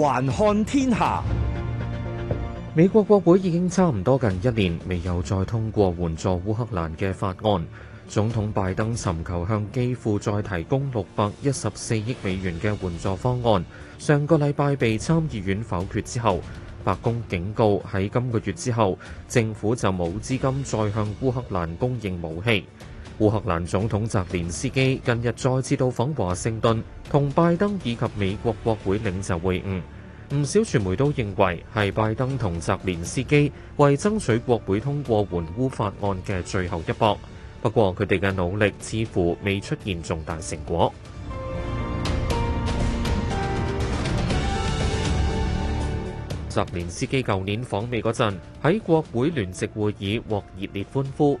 環看天下，美國國會已經差唔多近一年未有再通過援助烏克蘭嘅法案。總統拜登尋求向基輔再提供六百一十四億美元嘅援助方案，上個禮拜被參議院否決之後，白宮警告喺今個月之後，政府就冇資金再向烏克蘭供應武器。烏克蘭總統澤連斯基近日再次到訪華盛頓，同拜登以及美國國會領袖會晤。唔少傳媒都認為係拜登同澤連斯基為爭取國會通過援烏法案嘅最後一搏。不過，佢哋嘅努力似乎未出現重大成果。澤連斯基舊年訪美嗰陣，喺國會聯席會議獲熱烈歡呼。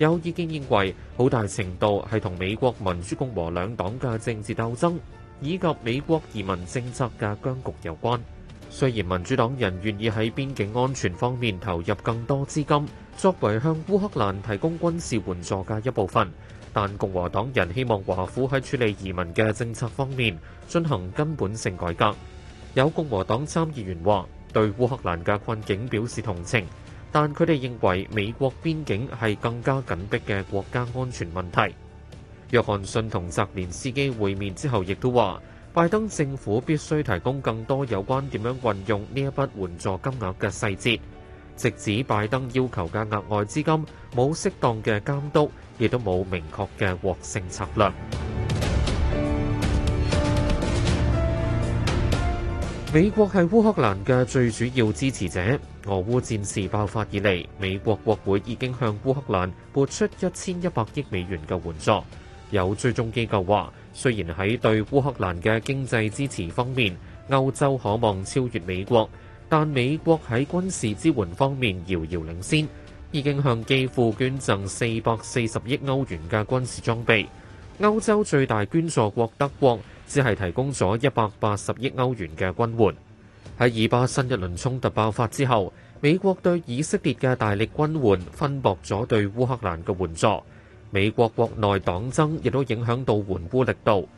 有意見認為，好大程度係同美國民主共和兩黨嘅政治鬥爭，以及美國移民政策嘅僵局有關。雖然民主黨人願意喺邊境安全方面投入更多資金，作為向烏克蘭提供軍事援助嘅一部分，但共和黨人希望華府喺處理移民嘅政策方面進行根本性改革。有共和黨參議員話，對烏克蘭嘅困境表示同情。但佢哋認為美國邊境係更加緊迫嘅國家安全問題。約翰遜同澤連斯基會面之後，亦都話拜登政府必須提供更多有關點樣運用呢一筆援助金額嘅細節，直指拜登要求嘅額外資金冇適當嘅監督，亦都冇明確嘅獲勝策略。美國係烏克蘭嘅最主要支持者。俄烏戰事爆發以嚟，美國國會已經向烏克蘭撥出一千一百億美元嘅援助。有追蹤機構話，雖然喺對烏克蘭嘅經濟支持方面，歐洲可望超越美國，但美國喺軍事支援方面遙遙領先，已經向基輔捐贈四百四十億歐元嘅軍事裝備。歐洲最大捐助國德國，只係提供咗一百八十億歐元嘅軍援。喺以巴新一輪衝突爆發之後，美國對以色列嘅大力軍援分薄咗對烏克蘭嘅援助。美國國內黨爭亦都影響到援烏力度。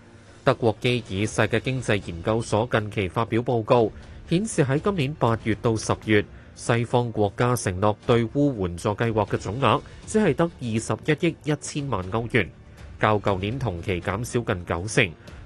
德國基爾世界經濟研究所近期發表報告，顯示喺今年八月到十月，西方國家承諾對烏援助計劃嘅總額，只係得二十一億一千萬歐元，較舊年同期減少近九成。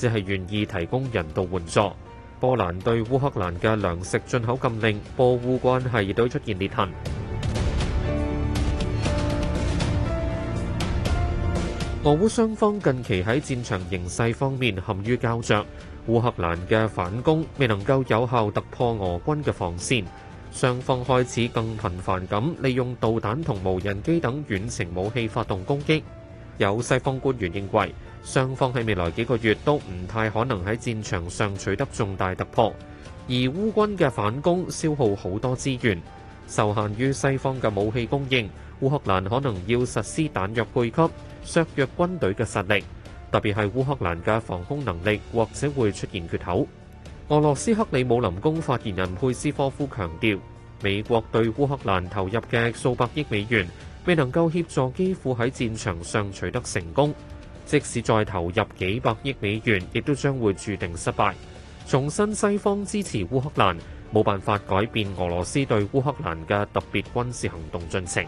只係願意提供人道援助。波蘭對烏克蘭嘅糧食進口禁令，波烏關係亦都出現裂痕。俄烏雙方近期喺戰場形勢方面陷於膠着，烏克蘭嘅反攻未能夠有效突破俄軍嘅防線，雙方開始更頻繁咁利用導彈同無人機等遠程武器發動攻擊。有西方官員認為，雙方喺未來幾個月都唔太可能喺戰場上取得重大突破，而烏軍嘅反攻消耗好多資源，受限於西方嘅武器供應，烏克蘭可能要實施彈藥配給，削弱軍隊嘅實力，特別係烏克蘭嘅防空能力或者會出現缺口。俄羅斯克里姆林宮發言人佩斯科夫強調，美國對烏克蘭投入嘅數百億美元未能夠協助基輔喺戰場上取得成功。即使再投入幾百億美元，亦都將會注定失敗。重申西方支持烏克蘭，冇辦法改變俄羅斯對烏克蘭嘅特別軍事行動進程。